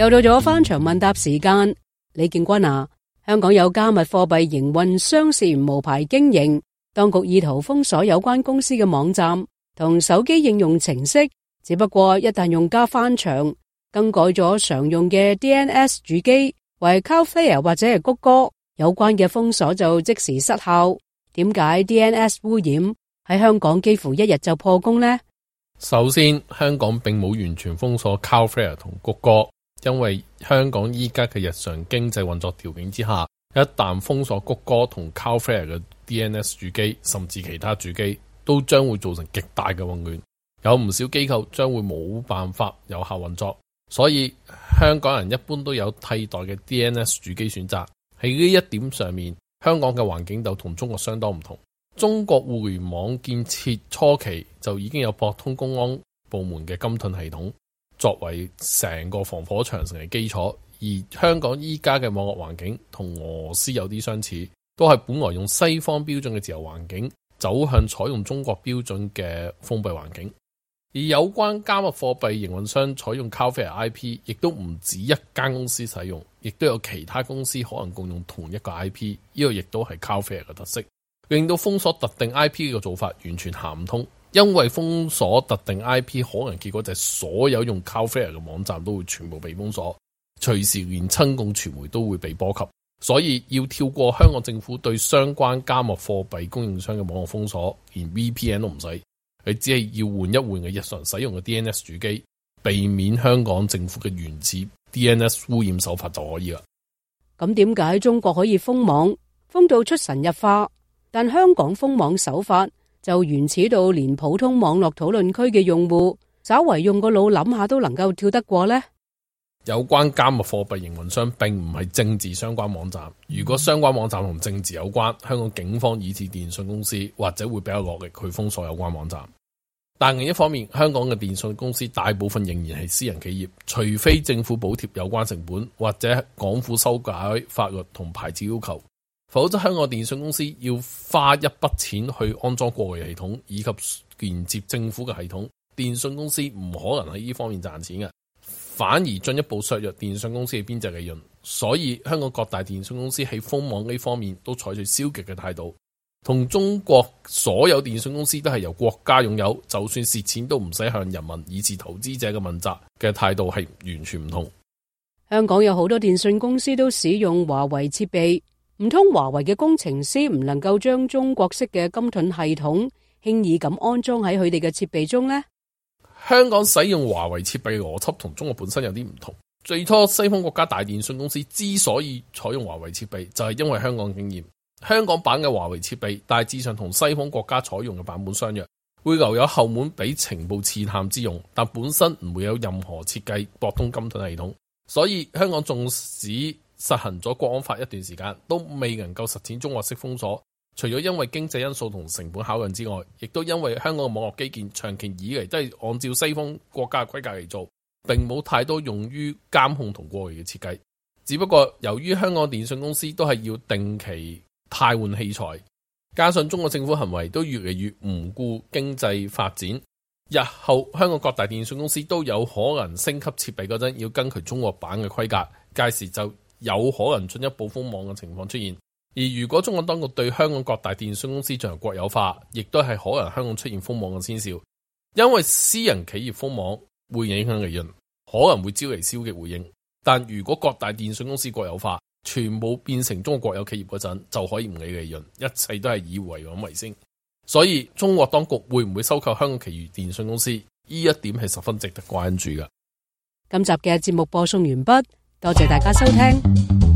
又到咗翻牆問答時間，李建軍啊，香港有加密貨幣營運商涉嫌無牌經營，當局意圖封鎖有關公司嘅網站同手機應用程式。只不過一旦用家翻牆，更改咗常用嘅 DNS 主機為 Cloudflare 或者係谷歌，有關嘅封鎖就即時失效。點解 DNS 污染喺香港幾乎一日就破功呢？首先，香港並冇完全封鎖 Cloudflare 同谷歌。因為香港依家嘅日常經濟運作條件之下，一旦封鎖谷歌同 Cloudflare 嘅 DNS 主機，甚至其他主機，都將會造成極大嘅混亂，有唔少機構將會冇辦法有效運作。所以香港人一般都有替代嘅 DNS 主機選擇。喺呢一點上面，香港嘅環境就同中國相當唔同。中國互聯網建設初期就已經有博通公安部門嘅金盾系統。作為成個防火長城嘅基礎，而香港依家嘅網絡環境同俄羅斯有啲相似，都係本來用西方標準嘅自由環境，走向採用中國標準嘅封閉環境。而有關加密貨幣營運商採用 Cloudflare IP，亦都唔止一間公司使用，亦都有其他公司可能共用同一個 IP。呢個亦都係 Cloudflare 嘅特色，令到封鎖特定 IP 嘅做法完全行唔通。因為封鎖特定 I P，可能結果就係所有用 Cloudflare 嘅網站都會全部被封鎖，隨時連親共傳媒都會被波及。所以要跳過香港政府對相關加密貨幣供應商嘅網絡封鎖，連 V P N 都唔使，你只係要換一換嘅日常使用嘅 D N S 主機，避免香港政府嘅原始 D N S 污染手法，就可以啦。咁點解中國可以封網封到出神入化，但香港封網手法，就原始到連普通網絡討論區嘅用戶，稍為用個腦諗下都能夠跳得過呢？有關加密貨幣營運商，並唔係政治相關網站。如果相關網站同政治有關，香港警方以至電信公司，或者會比較落力去封鎖有關網站。但另一方面，香港嘅電信公司大部分仍然係私人企業，除非政府補貼有關成本，或者港府修改法律同牌照要求。否則，香港電信公司要花一筆錢去安裝過濾系統以及連接政府嘅系統，電信公司唔可能喺呢方面賺錢嘅，反而進一步削弱電信公司嘅邊際利潤。所以，香港各大電信公司喺封網呢方面都採取消極嘅態度，同中國所有電信公司都係由國家擁有，就算蝕錢都唔使向人民以至投資者嘅問責嘅態度係完全唔同。香港有好多電信公司都使用華為設備。唔通華為嘅工程師唔能夠將中國式嘅金盾系統輕易咁安裝喺佢哋嘅設備中呢？香港使用華為設備邏輯同中國本身有啲唔同。最初西方國家大電信公司之所以採用華為設備，就係因為香港經驗。香港版嘅華為設備大致上同西方國家採用嘅版本相若，會留有後門俾情報刺探之用，但本身唔會有任何設計駁通金盾系統。所以香港縱使。實行咗國安法一段時間，都未能夠實踐中國式封鎖。除咗因為經濟因素同成本考量之外，亦都因為香港嘅網絡基建長期以嚟都係按照西方國家嘅規格嚟做，並冇太多用於監控同過濾嘅設計。只不過由於香港電信公司都係要定期汰換器材，加上中國政府行為都越嚟越唔顧經濟發展，日後香港各大電信公司都有可能升級設備嗰陣要根據中國版嘅規格，屆時就有可能進一步封網嘅情況出現，而如果中國當局對香港各大電信公司進行國有化，亦都係可能香港出現封網嘅先兆。因為私人企業封網會影響利潤，可能會招嚟消極回應。但如果各大電信公司國有化，全部變成中國國有企業嗰陣，就可以唔理利潤，一切都係以維穩為先。所以中國當局會唔會收購香港其餘電信公司，呢一點係十分值得關注㗎。今集嘅節目播送完畢。多謝大家收聽。